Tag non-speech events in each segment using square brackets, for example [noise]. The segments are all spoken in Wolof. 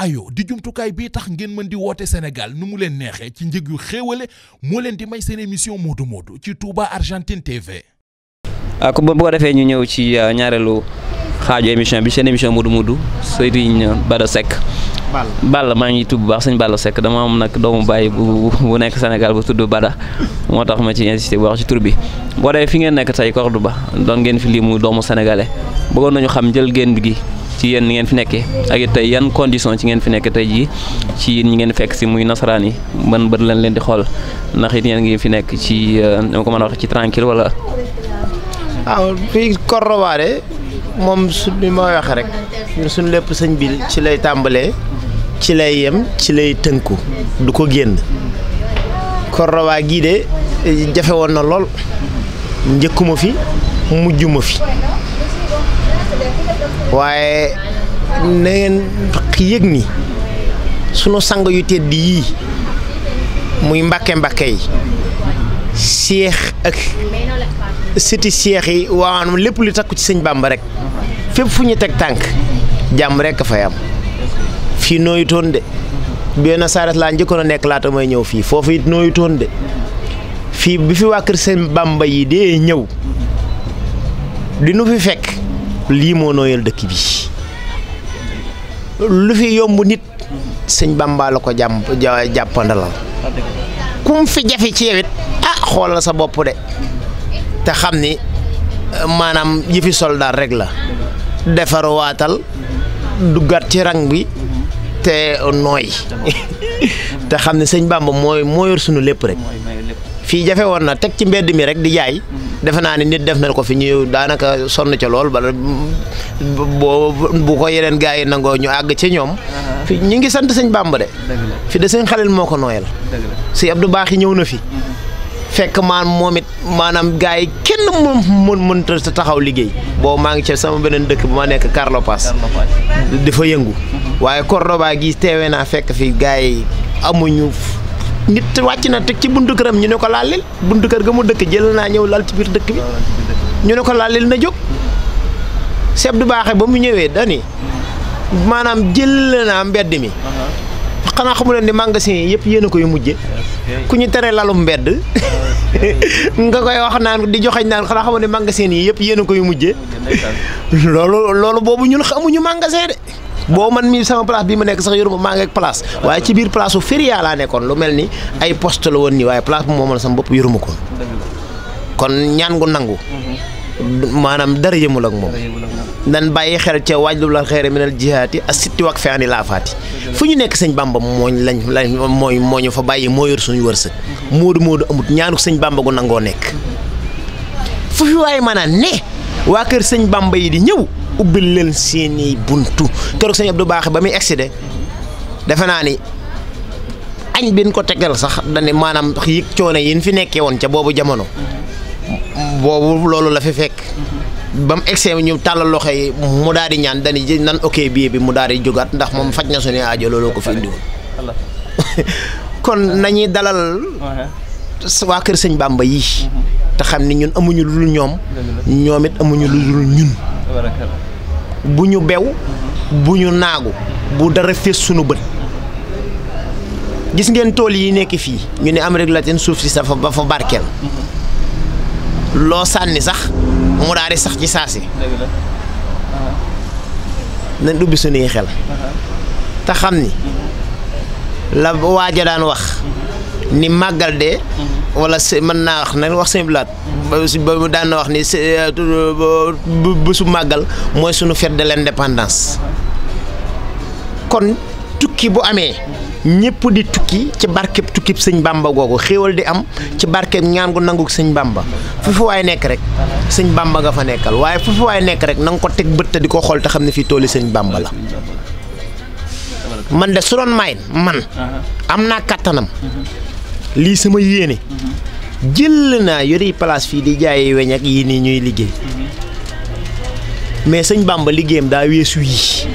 ayo di jumtukaay bii tax ngeen mën di woote Sénégal ni mu leen neexee ci njëg yu xéewale moo leen di may seen émission Modou Modou ci Touba Argentine TV. ah bu ko defee ñu ñëw ci ah, ñaareelu xaaju émission bi seen émission Modou Modou Serigne Bada Seck. Balla maa ngi tudd bu baax sëñ Balla sekk dama am nag doomu bàyyi bu bu nekk Sénégal bu tudd Bada moo tax ma ci insisté bu wax ci tur bi boo dee fi ngeen nekk tey ba doon ngeen fi lii mu doomu sénégalais bëggoon nañu xam jël génn gi. ci yéen ni ngeen fi nekkee ak it tey yan condition ci ngeen fi nekk tey jii ci yéen ngeen fekk si muy nasaraan yi man bët lañ leen di xool ndax it yéen ngi fi nekk ci dama euh, ko mën a wax ci tranquille wala. waaw ah, fii Cordovaare moom su bi ma rek suñ lépp sëñ bi ci lay tàmbalee ci lay yem ci lay tënku du ko génn Cordoba gii de jafe woon na lool njëkkuma fi mujjuma fi. waaye na ngeen yëg ni sunu sang yu tedd yii muy mbàkke mbàkke yi seex ak sëti seex yi waawaanam lépp lu takku ci sëñ bàmb rekk fépp fu ñu teg tànk jàmm rek a fay am fii nooyu toon de benn saaret laa njëkkoon a nekk laata may ñëw fii foofu it nooyu toon de fii bi fi waa kër sëñ yi dee ñëw di fi fekk lii moo nooyal dëkk bi lu fi yomb nit sëñ Bàmba ko jàmp jàppandalal kum fi jafe ci yow it ah, xoolal sa bopp de te xam ni maanaam yëfi soldaar rek la defarwaatal duggaat ci rang bi te nooy [laughs] te xam ne sëñ Bàmba mooy moo yor sunu lépp rek fii jafe woon na teg ci mbedd mi rek di jaay defe naa ne nit def na ko fi ñu daanaka sonn ca lool bala boo bu ko yeneen gars yi nangoo ñu àgg ci ñoom. fi ñu ngi sant sëñ Bàmba de. fi de sëñ Xalil moo ko nooyal. dëgg la si Baax yi ñëw na fi. fekk maan moom it maanaam gars yi kenn moom mën mënta taxaw liggéey boo maa ngi ca sama beneen dëkk bu ma nekk Carlo Paz dafa yëngu mhm. waaye Cordoba gi teewee naa fekk fi gars yi amuñu nit wàcc na teg ci buntu këram ñu ne ko laalil buntu kër ga mu dëkk jël naa ñëw lal ci biir dëkk bi ñu ne ko laalil na jóg chef du baaxe ba mu ñëwee dani maanaam jël naa mbedd mi xanaa xamu leen ni magasin yi yëpp yéen ko yu mujje ku ñu tere lalum mbedd [laughs] nga koy wax naan di joxeñ naan xanaa xamu ne magasin yi yëpp yéen ko yu mujje [laughs] loolu loolu boobu ñun xamuñu magasin de boo man mii sama place bi ma nekk sax yoruma maa ngi ak place waaye ci biir place su Feria laa nekkoon lu mel ni ay poste la woon nii waaye place bu moomal sama bopp yoruma ko kon ñaan gu nangu mhm. maanaam dara yëmul ak moom nan bàyyi xel ca waajlu la xeere minal jihaati a sitti wak feani laafaati fu ñu nekk sëñ bamba mooñ lañ lañ mooy moo ñu fa bàyyi moo yor suñu wërsëg mhm. moodu moodu amut ñaanu sëñ bamba gu nangoo nekk fu fi waaye maanaam ne waa kër sëñ bamba yi di ñëw ubbil leen seeni buntu keroog sëñ du baax ba muy de defe naa ni añ bin ko tegal sax dane maanaam yëg coono yi fi nekkee woon ca boobu jamono boobu loolu la fi fekk ba mu egsee ñu tàllal loxo yi mu daal di ñaan dañuy jël nan ok bii bi mu daal di jógaat ndax moom faj na suñu aajo looloo ko fi indiwoon [laughs] kon nañuy dalal waa kër sëñ Bàmba yi mhm. te xam ni ñun amuñu lu dul ñoom ñoom amuñu lu dul ñun bu ñu bew bu ñu naagu bu dara fees sunu bët gis ngeen tool yi nekk fii ñu ne Amérique latine suuf si safa ba fa barkeel loo sànni sax mu daal di sax ci saa si nañ ubbi sunuy xel te xam ni la waaja daan wax ni màggal de wala mën naa wax nag wax sëñ Blaat ba mu daan na wax ni eh, bésu màggal mooy suñu fête de l'indépendance kon tukki bu amee ñëpp di tukki ci barkeb tukkib sëñ Bamba googu xéewal di am ci barkeb ñaan gu nangu sëñ Bamba fu fu waay nekk rek sëñ Bamba nga fa nekkal waaye fu fu waay nekk rek na ko teg bët di ko xool te xam ne fii tooli sëñ Bamba la man de su doon mayin man am naa kàttanam lii sama yéene jël naa yori place fii di jaay weñ ak yii nii ñuy liggéey mais sëñ Bamba liggéeyam daa weesu yii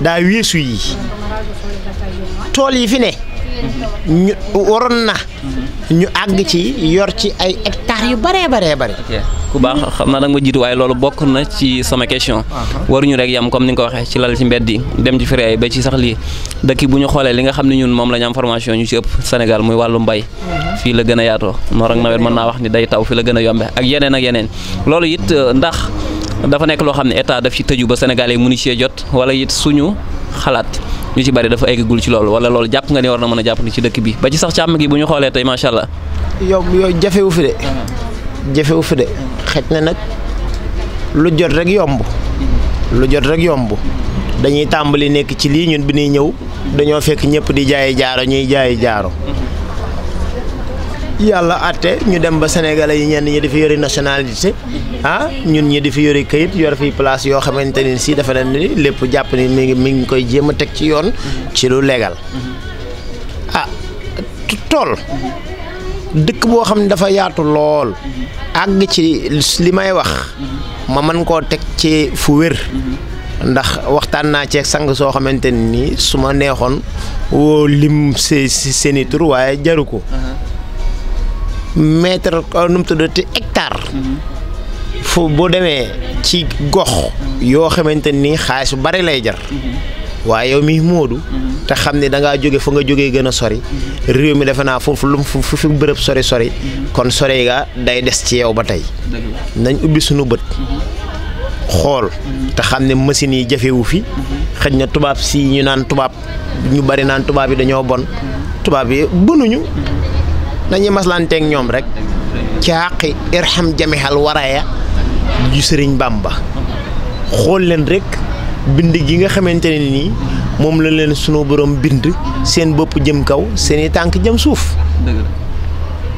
daa weesu yii tool yi fi ne ñu waroon na ñu àgg ci yor ci ay hectares yu baree baree bare ku baax xam naa nag ma jiitu waaye loolu bokk na ci sama question waruñu rek yam comme ni nga ko ci lal ci mbedd yi dem ci fere ba ci sax lii dëkk bu ñu xoolee li nga xam ne ñun moom la ñu am formation ñu ci ëpp Sénégal muy wàllu mbay mhm. fii la gën a yaatoo noor ak nawet mën naa wax ni day taw fii la gën a yombe ak yeneen ak yeneen loolu it euh, ndax dafa nekk loo xam ne état def ci tëju ba sénégalais mënu ci jot wala it suñu xalaat ñu ci bari dafa eggagul ci loolu wala loolu jàpp nga ni war na a jàpp ni ci dëkk bi ba ci sax càmm gi bu ñu xoolee tey macha allah. yow yow xej na nag lu jot rek yomb lu jot rek yomb dañuy tàmbali nekk ci lii ñun bi ñuy ñëw dañoo fekk ñëpp di jaayi jaaro ñuy jaayi jaaro yàlla àtte ñu dem ba sénégalais yi ñenn ñi dafa yori nationalité ah, ñun ñi dafa yori kayit yor fi place yoo xamante ne si dafa ne ni lépp jàpp ni mi ngi koy jéem a teg ci yoon ci lu légal ah tool dëkk boo xam ne dafa yaatu lool àgg ci li may wax ma mën koo teg ci fu wér ndax waxtaan naa ceeg sang soo xamante ni su ma neexoon woo lim si seeni tur waaye jaru ko mètre euh, nu mu tuddati hectare fu boo demee ci gox yoo xamante ni xaalis bu bari lay jar waa yow mi Moodu. Mm-hmm. te xam ne da ngaa jóge fa nga jógee gën a sori. Mm-hmm. réew mi defe naa foofu lu fu fi bërëb sori sori. Mm-hmm. kon sori ga day des ci yow ba tey. nañ ubbi suñu bët. xool te xam ne machine yi jafewu fi xëj na tubaab si ñu naan tubaab ñu bari naan tubaab yi dañoo bon tubaab yi bonuñu dañuy maslanteeg ñoom rek ci àqi irham jamihal waraya ju sëriñ ba xool leen rek bind ji nga xamante ne nii moom la leen sunu boroom bind seen bopp jëm kaw seeni tànk jëm suuf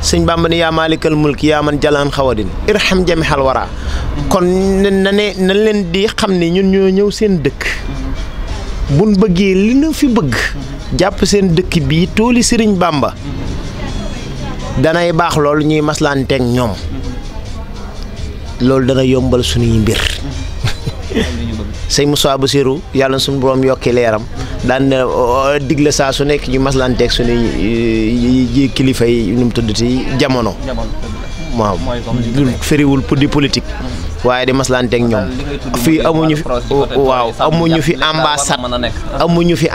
sëñ Bàmba ne yaa maalikal mulki yaa man jalaan xawadin irham jami xal wara kon na ne na leen di xam ne ñun ñoo ñëw seen dëkk buñ bëggee li nu fi bëgg jàpp seen dëkk bii tooli sëriñ Bàmba danay baax lool ñuy maslaanteeg ñoom loolu dana yombal sunuy mbir sëñ Moussa Bassirou yàlla suñu borom yokki leeram daan digle saa su nekk ñu maslanteeg suñu ji kilifa yi nu mu tuddati jamono. waaw firiwul pour di politique. Mm-hmm. waaye di maslanteeg ñoom. fii amuñu fi waaw amuñu fi ambassade amuñu fi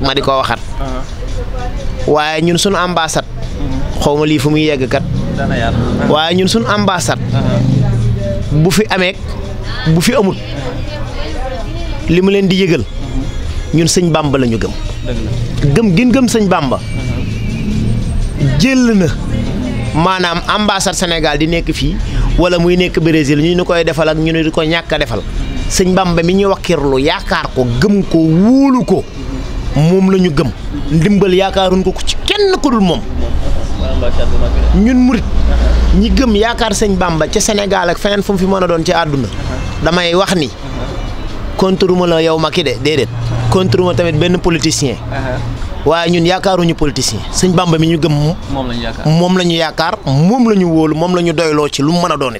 ma di ko waxat. Mm-hmm. waaye ñun suñu ambassade. Mm-hmm. xaw lii fu mu yegg kat. waaye ñun suñu ambassade. Uh-huh. bu fi amee bu fi amut. li mu leen di yégal ñun sëñ bàmba lañu gëm gëm gin gëm sëñ bàmba jël na maanaam ambassade Sénégal di nekk fii wala muy nekk Brésil ñu ni koy defal ak ñu di ko ñàkk a defal sëñ bàmba mi ñuy wakkirlu yaakaar ko gëm ko wóolu ko moom lañu gëm ndimbal yaakaaruñ ko ku ci kenn ku moom ñun murit ñi gëm yaakaar sëñ bàmba ca Sénégal ak feneen fu mu fi mën a doon ci àdduna damay wax ni contre ma la yow Macky de déedéet contre ma tamit benn politicien. Uh-huh. waaye ñun yaakaaruñu politicien sëñ Bamba mi ñu gëm. moom la yaakaar moom la ñu yaakaar moom la ñu wóolu moom la ñu doyloo ci lu mën a doon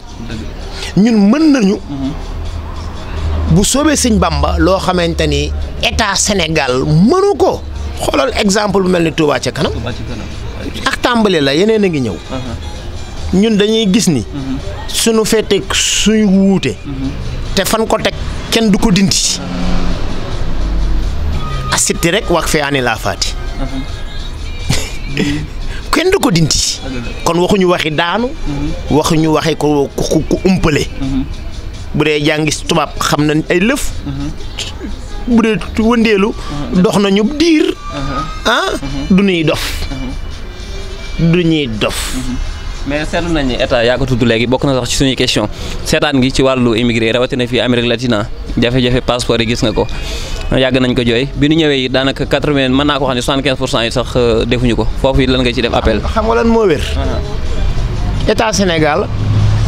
ñun mën nañu. Uh-huh. bu soobee sëñ Bamba loo xamante ni état senegal mënu xoolal exemple bu mel ni Touba ca kanam. ak tàmbali la yeneen a ngi ñëw. Uh-huh. ñun dañuy gis ni. suñu féete suñu wuute. te fan ko teg. kenn du ko dinti asitti rek wax fee ani laa faati [laughs] kenn du ko dindi kon waxuñu waxi daanu waxu ñu waxi ko ku umpale bu dee jàngi tubaab xam nañ ay lëf bu dee wëndeelu dox nañu diir uh-huh. ah du ñuy dof uh-huh. du ñuy dof uh-huh. mais seetlu nañ ni état yaa ko tudd léegi bokk na sax ci suñuy question seetaan gi ci wàllu immigré rawatina fii Amérique latine jafe-jafe passeport yi gis nga ko yàgg nañ ko jooy bi nu ñëwee yi daanaka quatre mën naa ko xam ne soixante-quinze pour cent sax euh, defuñu ko foofu it lan nga ci def appel. xam nga lan moo wér. Uh-huh. état Sénégal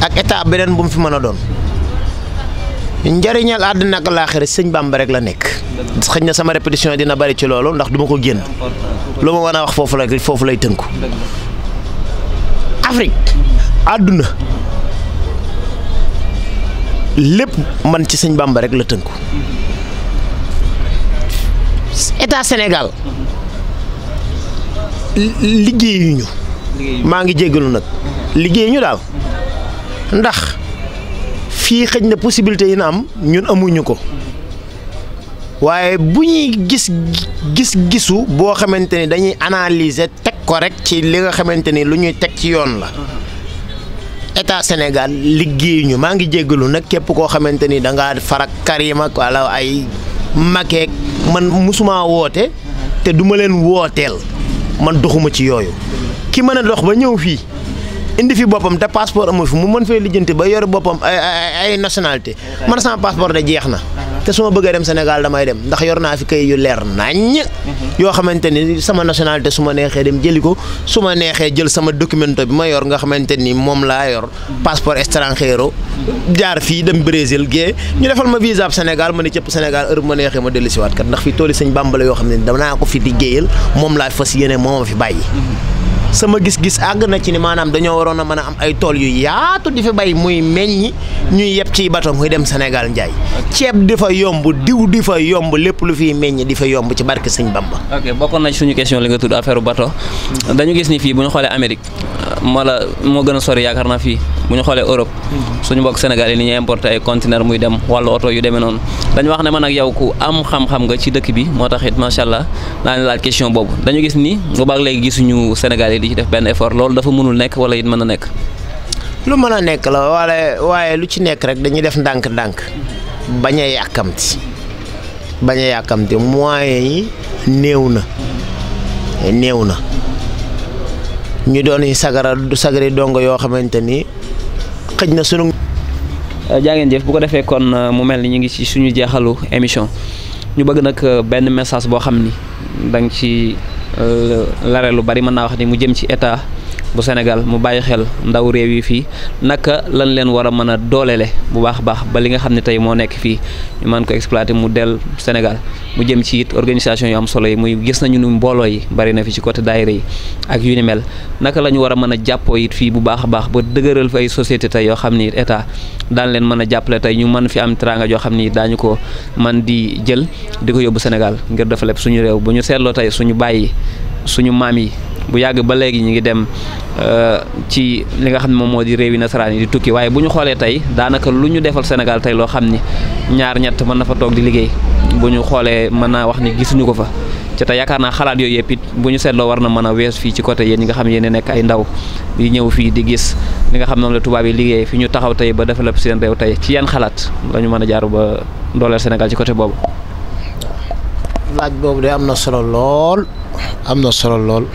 ak état beneen bu mu fi mën a doon. njëriñal àddina ak laaxira sëñ Bamba rek la nekk. xëy na sama répétition dina bari ci loolu ndax duma ko génn. lu ma mën a lay tënku. Afrique àdduna lépp man ci sëñ Bàmba rek la tënku état Sénégal liggéeyuñu maa ngi jéggalu nag liggéeyuñu daal ndax fii xëj na possibilité yi na am ñun amuñu ko waaye bu ñuy gis gis gisu boo xamante ni dañuy analyser ko rek ci li nga xamante ni lu ñuy teg ci yoon la état Sénégal liggéey ñu maa ngi jéggalu nag képp koo xamante ni da ngaa farak Karim ak wala ay makeek man musuma woote te duma leen wooteel man doxuma ci yooyu ki mën a dox ba ñëw fii indi fi boppam te passeport amu fi mu mën fee lijjanti ba yore boppam ay ay nationalité man sama passeport de jeex na te su ma bëggee dem Sénégal damay dem ndax yor naa fi kay yu leer naññ. Mhm. yoo xamante ni sama nationalité su ma neexee dem jëli ko su ma neexee jël sama documento bi ma yor nga xamante ni moom laa yor passeport étranger jaar fii dem Brésil gee ñu defal ma visa ab Sénégal ma ne cëpp Sénégal heure ma neexee ma dellusiwaat kat ndax fi tooli sëñ Bàmba la yoo xam ne danaa ko fi liggéeyal moom laa fas yéene moo ma fi bàyyi. Mhm. sama gis-gis àgg na ci ni maanaam dañoo waroon a mën a am ay tool yu yaatu di fi bay muy meññi ñuy yeb ci bato muy dem Sénégal njaay ceeb di fa yomb diw di fa yomb lépp lu fiy meññ di fa yomb ci barke Sëñ Bamba. ok bokkoon na ci suñu question li nga tudd affaire bato dañu gis ni fii bu ñu xoolee Amérique mala moo gën a sori yaakaar naa fii bu ñu xoolee Europe mhm. suñu mbokk Sénégal yi ni ñuy importé ay conteneur muy dem wàllu oto yu demee noonu. dañu wax ne mën ak yow ku am xam-xam nga ci dëkk bi moo tax it macha allah naa ne laaj question boobu dañu gis ni boobaag léegi gisuñu Sénégal yi di ci def benn effort loolu dafa mënul nekk wala it mën a nekk. lu mën a nekk la wala waaye lu ci nekk rek dañuy def ndànk-ndànk bañ a yàkkamti bañ a yàkkamti moyens yi néew na néew na ñu doon sagara sagari dongo yoo xamante ni xëj na sunu. Euh, jaa ngeen jëf bu ko defee kon euh, mu mel ni ñu ngi ci suñu jeexalu émission ñu bëgg nag euh, benn message boo xam ni da nga ci lare lu bari mën naa wax ni mu jëm ci état bu Sénégal mu bàyyi xel ndaw réew yi fii naka lan leen war a mën a doolele bu baax a baax ba li nga xam ne tey moo nekk fii ñu mën ko exploité mu del Sénégal mu jëm ci it organisation yu am solo yi muy gis nañu ni mbooloo yi bari na fi ci côté daayira yi ak yu ni mel naka la ñu war a mën a jàppoo it fii bu baax a baax ba dëgëral fa ay société tey yoo xam ni it état daan leen mën a jàppale tey ñu mën fi am teraanga joo xam ni daañu ko man di jël di ko yóbbu Sénégal ngir dafa lépp suñu réew bu ñu seetloo tey suñu bàyyi suñu maam yi bu yàgg ba léegi ñu ngi dem euh, ci li nga xam ne moom moo di réew réewi nasaraan yi di tukki waaye bu ñu xoolee tey daanaka lu ñu defal Sénégal tey loo xam ni ñaar ñett mën na fa toog di liggéey bu ñu xoolee mën naa wax ni gisuñu ko fa ci te yaakaar naa xalaat yooyu yëpp it bu ñu seetloo war na mën a wees fii ci côté yéen ñi nga xam ne yéen a nekk ñëw fii di gis li nga xam noonu la tubaab yi liggéey fi ñu taxaw tey ba développé seen réew tey ci yan xalaat lañu mën a jaaru ba dooleel Sénégal ci côté boobu laaj de am na solo lool am na solo lool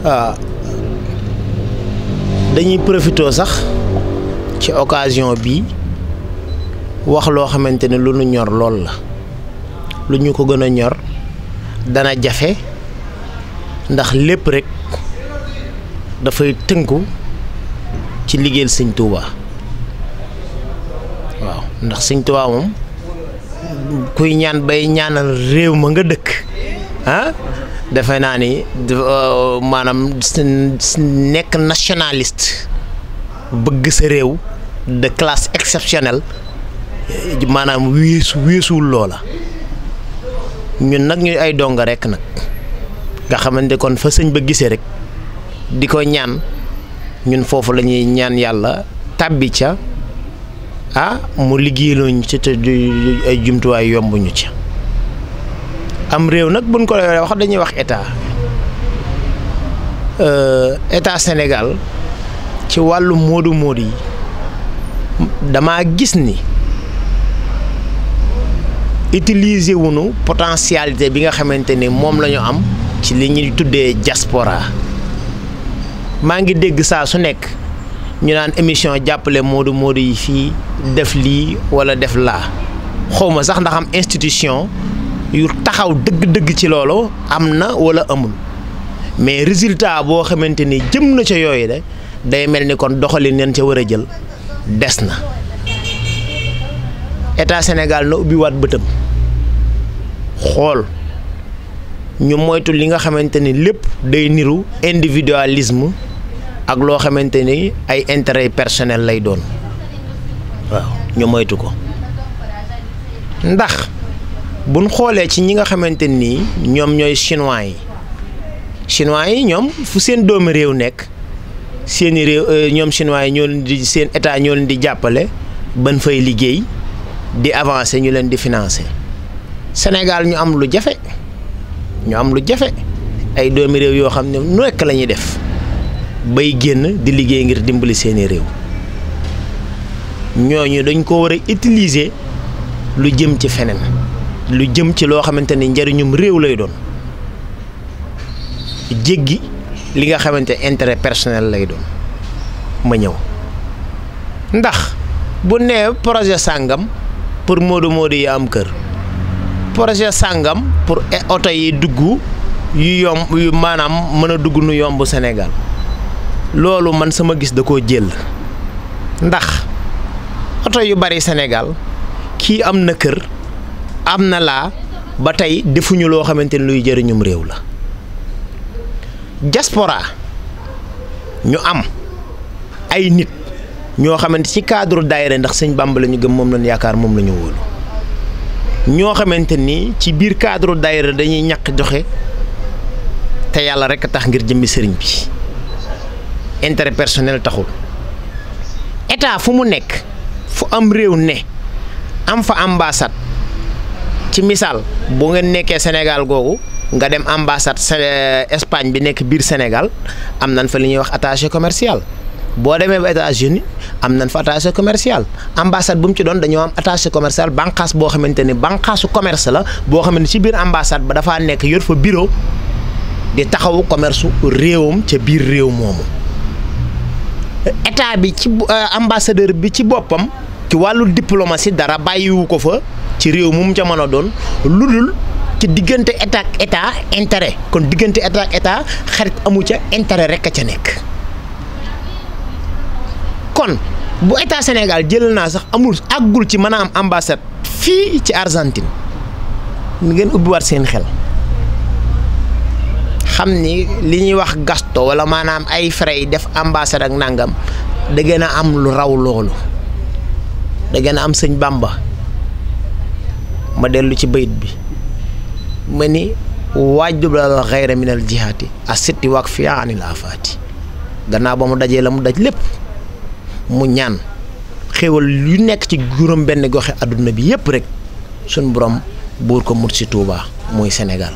waaw ah. dañuy profitoo sax ci occasion bi wax loo xamante ne lu nu ñor lool la lu ñu ko gën a ñor dana jafe ndax lépp rek dafay tënku ci liggéeyal sëñ Tuuba waaw ndax sëñ Tuuba moom kuy ñaan bay ñaanal réew ma nga dëkk ah? defe naa ni euh, maanaam nekk nationaliste bëgg sa réew de classe exceptionnelle maanaam weesu weesuwul loola ñun nag ñuy ay donga rek nag nga xamante kon fa sëñ ba gisee rek di ko ñaan ñun foofu lañuy ñaan yàlla tàbbi ca ah mu liggéeyaloo ñu ci te ay jumtuwaay yombuñu ca. am réew nag buñ ko yoree wax dañuy wax état euh, état Sénégal ci wàllu moodu moodu yi damaa gis ni utiliser wunu potentialité bi nga xamante ni moom la ñu am ci li ñuy tuddee jaspora maa ngi dégg saa su nekk ñu naan émission jàppale moodu moodu yi fii def lii walla def laa xawma sax ndax am institution yu taxaw dëgg-dëgg ci loolu am na wala amul mais résultat boo xamante ni jëm na ca yooyu de day mel ni kon doxalin leen ca war a jël des na état Sénégal na ubbi waat bëtam xool ñu moytu li nga xamante ni lépp day niru individualisme ak loo xamante ni ay intérêt personnel lay doon waaw ñu moytu ko ndax buñ xoolee ci ñi nga xamante nii ñoom ñooy chinois yi chinois yi ñoom fu seen doomi réew nekk seeni réew euh, ñoom chinois yi ñoo leen di seen état ñoo leen di jàppale ban fay liggéey di avancer ñu leen di finance Sénégal ñu am lu jafe ñu am lu jafe ay doomi réew yoo xam ne nekk la ñuy def bay génn di liggéey ngir dimbali seeni réew ñooñu dañ ko war a utiliser lu jëm ci feneen lu jëm ci loo xamante ni njëriñum réew lay doon jéggi li nga xamante intérêt personnel lay doon ma ñëw ndax bu nee projet sàngam pour Modou Modou yi am kër projet sàngam pour e, oto yi dugg yu yomb yu maanaam mën a dugg nu yomb Sénégal loolu man sama gis da koo jël ndax oto yu bari Sénégal kii am na kër. am na laa ba tey defuñu loo xamante ni luy jëriñum réew la diaspora ñu am ay nit ñoo xamante ci cadre daayira ndax sëñ Bàmba la ñu gëm moom lañu yaakaar moom la ñu wóolu ñoo xamante ni ci biir cadre daayira dañuy ñàkk joxe te yàlla rek tax ngir jëmmi sëriñ bi intérêt personnel taxul état fu mu nekk fu am réew ne am fa ambassade ci misaal bu ngeen nekkee Sénégal googu nga dem se euh, Espagne bi nekk biir Sénégal am nañ fa li ñuy wax attaché commercial boo demee ba États-Unis am nañ fa attaché commercial ambassade bu mu ci doon dañoo am attaché commercial bànqaas boo xamante ni bànqaasu commerce la boo xam ne ci biir ambassade ba dafaa nekk yor fa bureau di taxawu commerce réewam ca biir réew moomu état bi ci euh, ambassadeur bi ci boppam ci wàllu diplomatie dara bàyyiwu ko fa. ci réew mu mu ca mën a doon lu dul ci diggante état ak état kon diggante état ak état xarit amu ca intérêt rek a ca nekk kon bu état Sénégal jël naa sax amul àggul ci mën a am ambassade fii ci Argentine ni ngeen ubbiwaat seen xel xam ni li ñuy wax gasto wala maanaam ay frais def ambassade ak nangam da gën a am lu raw loolu da gën a am sëñ Bamba. ma dellu ci bayit bi ma ni waajub la xayra min aset jihaati asitti waak fiya anil afaati gannaaw ba mu dajee la mu daj lépp mu ñaan xéwal lu nekk ci juróom benn goxe adduna bi yépp rek suñ borom buur ko mut si Touba muy Sénégal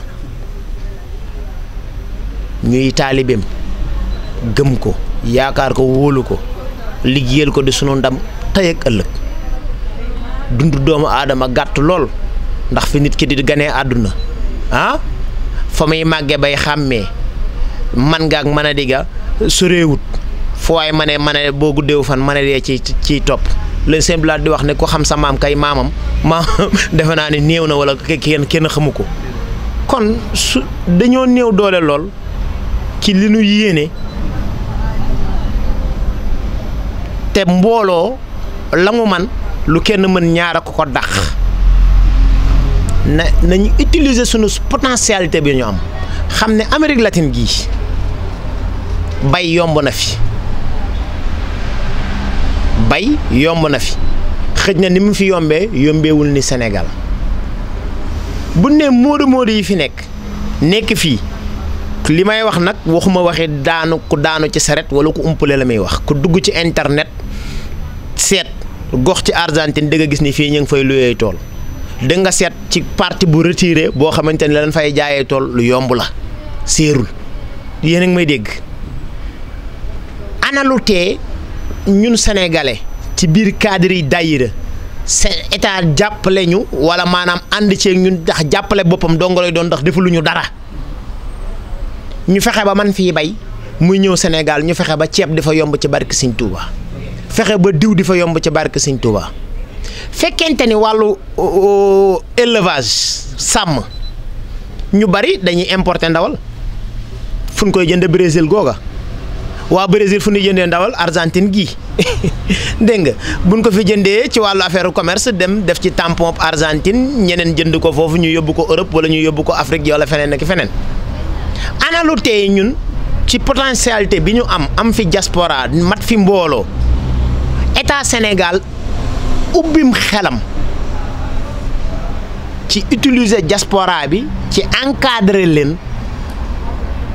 ñuy taalibeem gëm ko yaakaar ko wóolu ko liggéeyal ko di sunu ndam tey ak ëllëg dund doomu aadama gàtt lool ndax fi nit ki di gane àdduna ah fa muy màggee bay xàmmee man ngaak mën a digga soreewut foo waay ma ne ma ne boo guddeewu fan ma ne dee ci topp leen simple di wax ne ko xam sa maam kay maamam [laughs] maam defe naa ni néew na wala kenn kenn xamu ko kon su dañoo néew doole lool ci li nu yéene te mbooloo lamu man lu kenn mën ñaara ko ko dàq na nañu utiliser sunu potentialité bi ñu am xam ne Amérique latine gi bay yomb na fi bay yomb na fi xëj na ni mu fi yombee yombewul ni senegal bu ne moodu moodu yi fi nekk nekk fii li may wax nag waxuma waxi daanu ku daanu ci saret wala ku umpale la muy wax ku dugg ci internet seet gox ci Argentine dëgg a gis ni fii ñu ngi fay luyee tool da nga seet ci partie bu retiré boo xamante ni la leen fay jaayee tool lu yomb la séerul yéen a may dégg ana lu ñun sénégalais ci biir cadre yi daayira seen état jàppale ñu wala maanaam ànd ceeg ñun ndax jàppale boppam dong lay doon ndax defuluñu dara ñu fexe ba man fii bay muy ñëw Sénégal ñu fexe ba ceeb di fa yomb ci barke Sëñ Touba ba diw di fa fekkente ni wàllu élevage sàmm ñu bari dañuy importe ndawal fu ñu koy jënd Brésil googa waa Brésil fu ñuy jëndee ndawal Argentine gi [laughs] dégg nga buñ ko fi jëndee ci wàllu affaire commerce dem def ci tampon Argentine ñeneen jënd ko foofu ñu yóbbu ko Europe wala ñu yóbbu ko Afrique wala feneen ak feneen ana lu ñun ci potentialité bi ñu am am fi diaspora mat fi mbooloo état Sénégal. ubbim xelam ci utiliser diaspora bi ci encadrer leen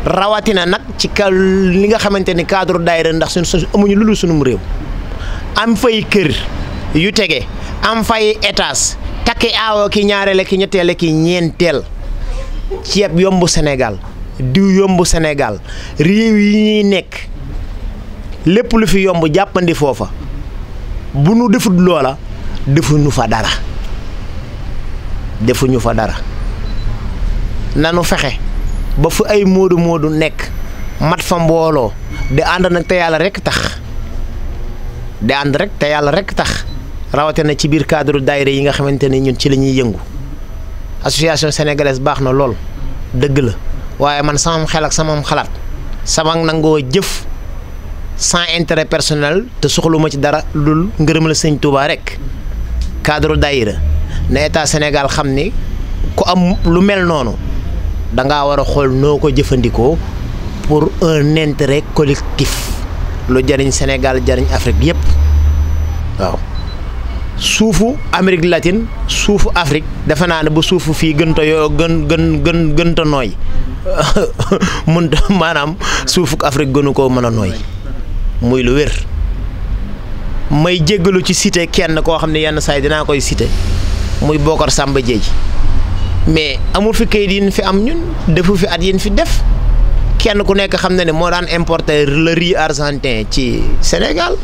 rawatina nag ci ka li nga xamante ni cadre daayira ndax suñ amuñu lu dul sunum réew am fay kër yu tege am fay étage takki aawo ki ñaareel ki ñetteel ki ñeenteel ceeb yomb senegal diw yomb senegal réew yi ñuy nekk lépp lu fi yomb jàppandi foofa bu nu defut loola defuñu fa dara defuñu fa dara nanu fexe ba fu ay moodu moodu nekk mat fa mbooloo de ànd nag te yàlla rek tax di ànd rek te yàlla rek tax rawatina ci biir cadre daayira yi nga xamante ne ñun ci lañuy yëngu association sénégalaise baax na lool dëgg la waaye man sama xel ak sama xalaat sama nangoo jëf sans intérêt personnel te soxluma ci dara lul ngërëm la sëñ Touba rek. cadre daayira na état senegal xam ni ku am lu mel noonu da ngaa war a xool noo ko jëfandikoo pour un intérêt collectif lu jëriñ Sénégal jëriñ Afrique yépp waaw suufu Amérique latine suufu Afrique defe naa ne bu suufu fii gënta yoo gën gën gën gënta nooy [laughs] mënta maanaam suufu Afrique gënu koo mën a nooy muy lu wér. may jéggalu ci cité kenn koo xam ne yenn saa yi dinaa koy cité muy Bokar Samba Diedhi mais amul fi kayit yi fi am ñun defu fi at yéen fi def kenn ku nekk xam ne ne moo daan importer le riz argentin ci Sénégal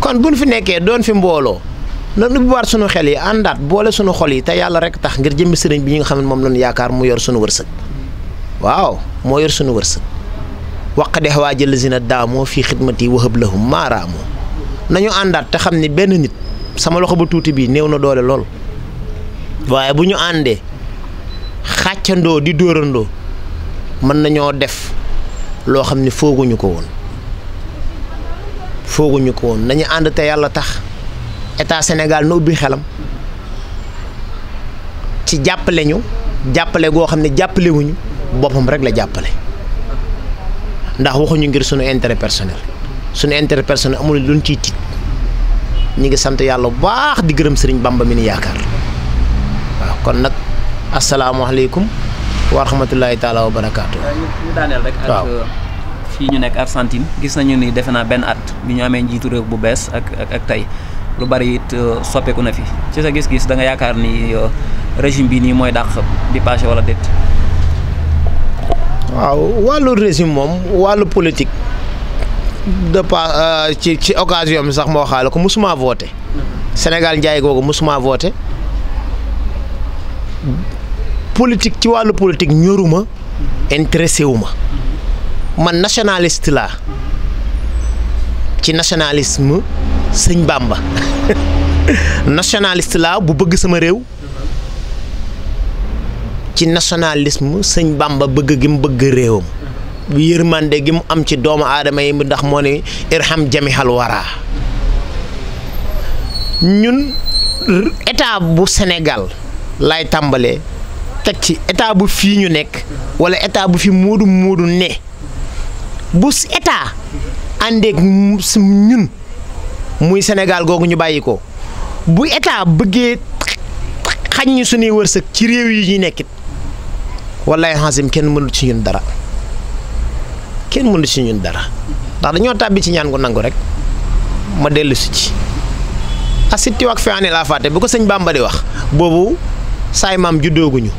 kon bu buñ fi nekkee doon fi mbooloo noonu ubbiwaat sunu xel yi àndaat boole sunu xol yi te yàlla rek tax ngir jëmmi sëriñ bi ñu nga xam ne moom lañu yaakaar mu yor sunu wërsëg waaw moo yor sunu wërsëg waq dex waa jël zina daamoo fii xidmati wahab lahum maaraamoo nañu àndaat te xam ni benn nit sama loxo bu tuuti bii néew na doole lool waaye bu ñu àndee xàccandoo di dóorandoo mën nañoo def loo xam ni fooguñu ko woon fooguñu ko woon nañu ànd te yàlla tax état Sénégal na ubbi xelam ci jàppale ñu jàppale goo xam ne jàppalewuñu boppam rek la jàppale ndax waxuñu ngir sunu intérêt personnel. suñu interpersonnel amul luñ ciy tiit ñu ngi sant yàlla bu baax di gërëm sëriñ Bamba mi ni yaakaar waaw kon nag asalaamaaleykum wa rahmatullahi taala wa barakaatu. ñu daaneel ak fii ñu nekk Argentine gis nañu ni defe naa benn at bi ñu amee njiitu réew bu bees ak ak tey lu bari it euh, soppeeku na fi ci sa gis-gis da yaakaar ni euh, régime bi nii mooy dàq bi passé wala déet. waaw wàllu régime moom wàllu politique. de pas euh, ci ci occasion bi sax moo xaale ko mosuma voté Sénégal njaay googu mosuma voté politique ci wàllu politique ñoruma intéressé wu ma man nationaliste laa ci nationalisme sëñ Bamba [laughs] nationaliste laa bu bëgg sama réew ci nationalisme sëñ Bamba bëgg gi mu bëgg réewam yërmande gi mu am ci doomu aadama yi ndax moo ne irham jamihal wara ñun état bu senegal lay tàmbalee teg ci état bu fii ñu nekk wala état bu fi moodu moodu ne bu état àndeek ñun muy Sénégal googu ñu bàyyi ko bu état bëggee xañ ñu suñuy wërsëg ci réew yi ñuy nekkit wallaay xasim kenn mënul ci ñun dara kenn mënu si ñun dara ndax dañoo tàbbi ci ñaan gu nangu rek ma dellu si ci asittiw ak fiaane laa fàtte bu ko sëñ Bàmba di wax boobu saay maam juddooguñu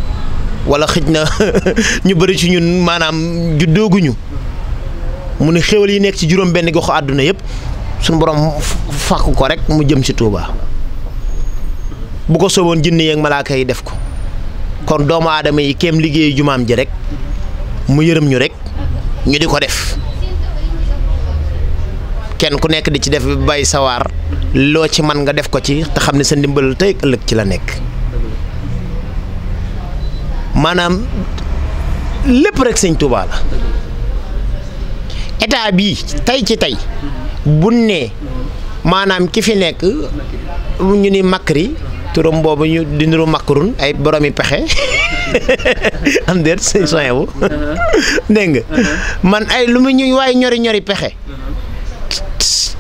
wala xëj na [laughs] ñu bari ci ñun maanaam juddooguñu mu ne xéwal yi nekk ci juróom benn goxu àdduna yëpp suñu boroom fàkk ko rek mu jëm ci tuubaa bu ko sooboon jinne yeeg malaaka yi def ko kon doomu aadama yi kéem liggéey jumaam ji rek mu yërëm ñu rek ñu di ko def kenn ku nekk di ci def bay sawar loo ci man nga def ko ci te xam ne sa ndimbal tey ëllëg ci la nekk maanaam lépp rek sëñ Tuubaa la état bii tey ci tey bu ne maanaam ki fi nekk ñu ni Macri turam boobu ñu di niru Macron ay boromi pexe [laughs] am déet sëñ Soyebu dégg nga uh-huh. man ay lu mu ñuy waaye ñori ñori pexe uh-huh.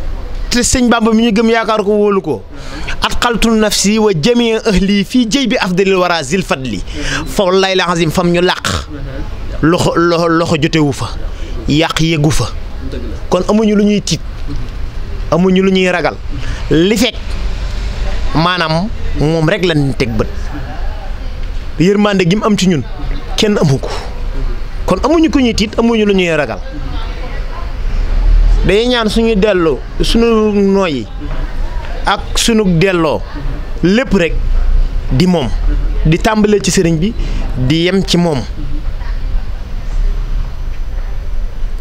te sëñ Bamba mi ñu gëm yaakaar ko wóolu ko uh-huh. atqaltul nafsi wa jamii ahli fii jëy bi afdalil wara zil fadli fa wallahi la azim fam ñu làq loxo loxo loxo jotewu fa yàq yëgu fa kon amuñu lu ñuy tiit amuñu lu ñuy ragal li maanaam moom rek lañ teg bët te yërmande gi mu am ci ñun kenn amu ko kon amuñu ko ñuy tiit amuñu lu ñuy ragal day ñaan suñu delloo suñu noyyi ak suñu delloo lépp rek di moom di tàmbalee ci sëriñ bi di yem ci moom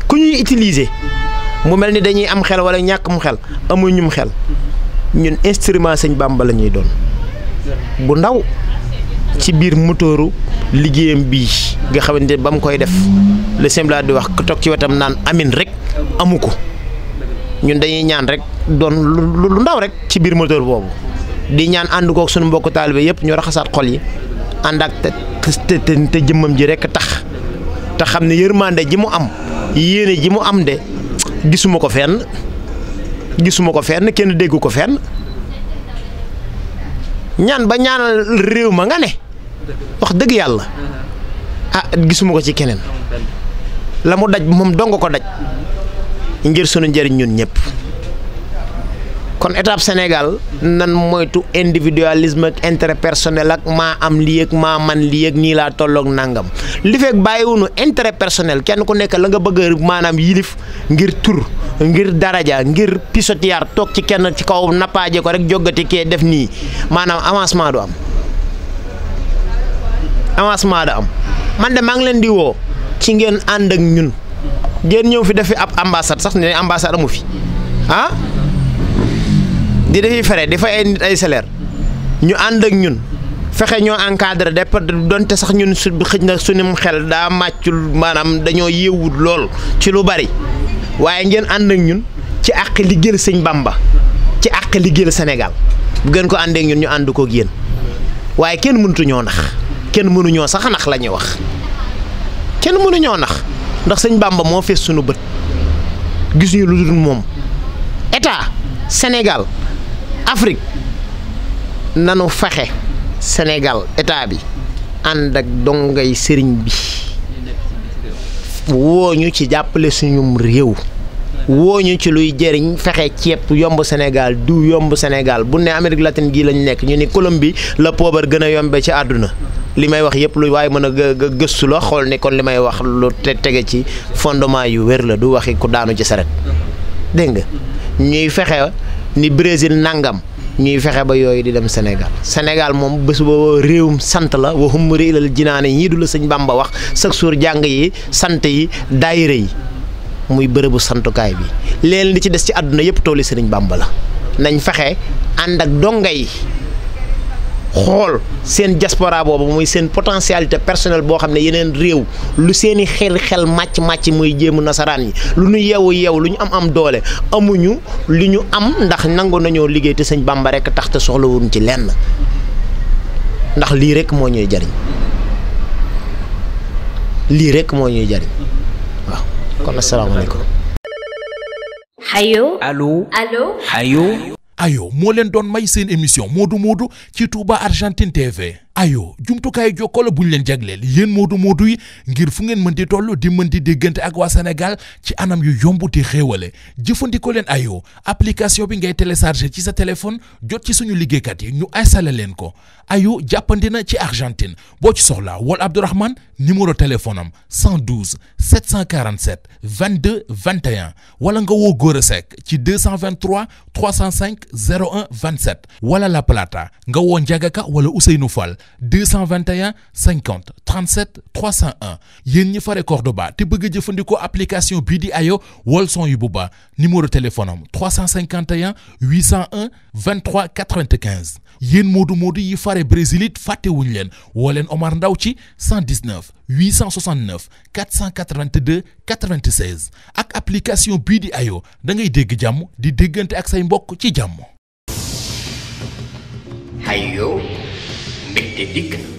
ku ñuy utiliser mu mel ni dañuy am xel wala ñàkk mu xel amuñum xel ñun instrument sëñ Bàmba la ñuy doon bu ndaw ci biir motooru liggéeyam bi nga xamante ne ba mu koy def le simple di wax ku toog ci wetam naan amin rek amu ko ñun dañuy ñaan rek doon lu ndaw rek ci biir moteur boobu di ñaan ànd kook suñu mbokk taalibe yëpp ñu raxasaat xol yi ànd ak te te jëmmam ji rek tax te xam ne yërmande ji mu am yéene ji mu am de gisuma ko fenn gisuma ko fenn kenn déggu ko fenn ñaan ba ñaanal réew ma nga ne wax dëgg yàlla ah gisuma ko ci keneen la mu daj moom dong ko daj ngir sunu njëriñ ñun ñëpp kon étape Sénégal nan moytu individualisme ak intérêt personnel ak maa am li ak maa man li ak nii laa tolloog nangam li fekk bàyyiwunu intérêt personnel kenn ku nekk la nga bëgg maanaam yilif ngir tur ngir daraja ngir pisotiyaar toog ci kenn ci kaw nappaaje ko rek jógati kee def nii maanaam avancement du am. avancement da am man de maa ngi leen di woo ci ngeen ànd ak ñun ngeen ñëw fi defi ab ambassade sax ne ambassade amu fi ah di defi fere di fay ay nit ay salaire ñu àndak ñun fexe ñoo encadré départ donte sax ñun su xëj na suñu xel daa màccul maanaam dañoo yeewut lool ci lu bari waaye ngeen ànd ñun ci àq liggéeyal sëñ Bamba ci àq liggéeyal Sénégal bu gën ko ànd ak ñun ñu ànd koog waaye kenn mënutu ñoo nax kenn mënuñoo sax nax la ñuy wax kenn mënuñoo nax ndax sëñ Bàmba moo fees sunu bët gis ñu lu dul moom état senegal afrig nanu faxe senegal état bi ànd ak dongay sëriñ bi woo ñu ci jàppale suñum réew woo ñu ci luy jëriñ fexe ceeb yomb Sénégal du yomb Sénégal bu ne Amérique latine gii lañ nekk ñu ni Colombie la poobar gën a yombe ci àdduna li may wax yëpp lu waaye mën a gëstu la xool ni kon li may wax lu te tege ci fondement yu wér la du waxi ku daanu ci saret dégg nga ñuy fexe ni Brésil nangam ñuy fexe ba yooyu di dem Sénégal Sénégal moom bés ba réewum sant la waxum réelal jinaane ñii du la sëñ Bamba wax sëg suur jàng yi sant yi daayira yi muy bërëbu santukaay bi leen li ci des ci àdduna yëpp tooli sëriñ Bàmba la nañ faxe ànd ak donga yi xool seen diaspora boobu muy seen potentialité personnelle boo xam ne yeneen réew lu seeni xel xel màcc màcc muy jéemu nasaraan yi lu ñu yeewu yeewu lu ñu am am doole amuñu lu ñu am ndax nangu nañoo liggéey te sëñ Bàmba rek tax te soxlawuñ ci lenn ndax lii rek moo ñuy jariñ lii rek moo ñuy jariñ kon asalaamaaleykum. allo allo allo moo leen doon may seen émission Modou Modou ci Touba Argentine TV. ayo jumtukaay jokkoo la bu ñu leen jagleel yéen moodu moodu yi ngir fu ngeen mën di toll di mën di déggante ak waa Sénégal ci anam yu yomb te xéewale jëfandikoo leen ayo application bi ngay télécharger ci sa téléphone jot ci suñu liggéeykat yi ñu installé leen ko ayo jàppandi na ci Argentine boo ci soxlaa wol Abdourahmane numéro téléphone am 112 747 22 21 wala nga woo Gora Seck ci 223 305 01 27 wala La Plata nga woo Ndiagaka wala Ousseynou Fall. 221 50 37 301 yéen ñi fare Cordoba te bëgg a jëfandikoo application bii di ayo wol son yu bu baax numéro téléphone am 351 801 23 95 yéen moodu moodu yi fare Brésil it fàttewuñu leen woo leen Omar Ndaw ci 119 869 482 96 ak application bii di ayo da ngay dégg jàmm di déggante ak say mbokk ci jàmm. Ayo. te dikk na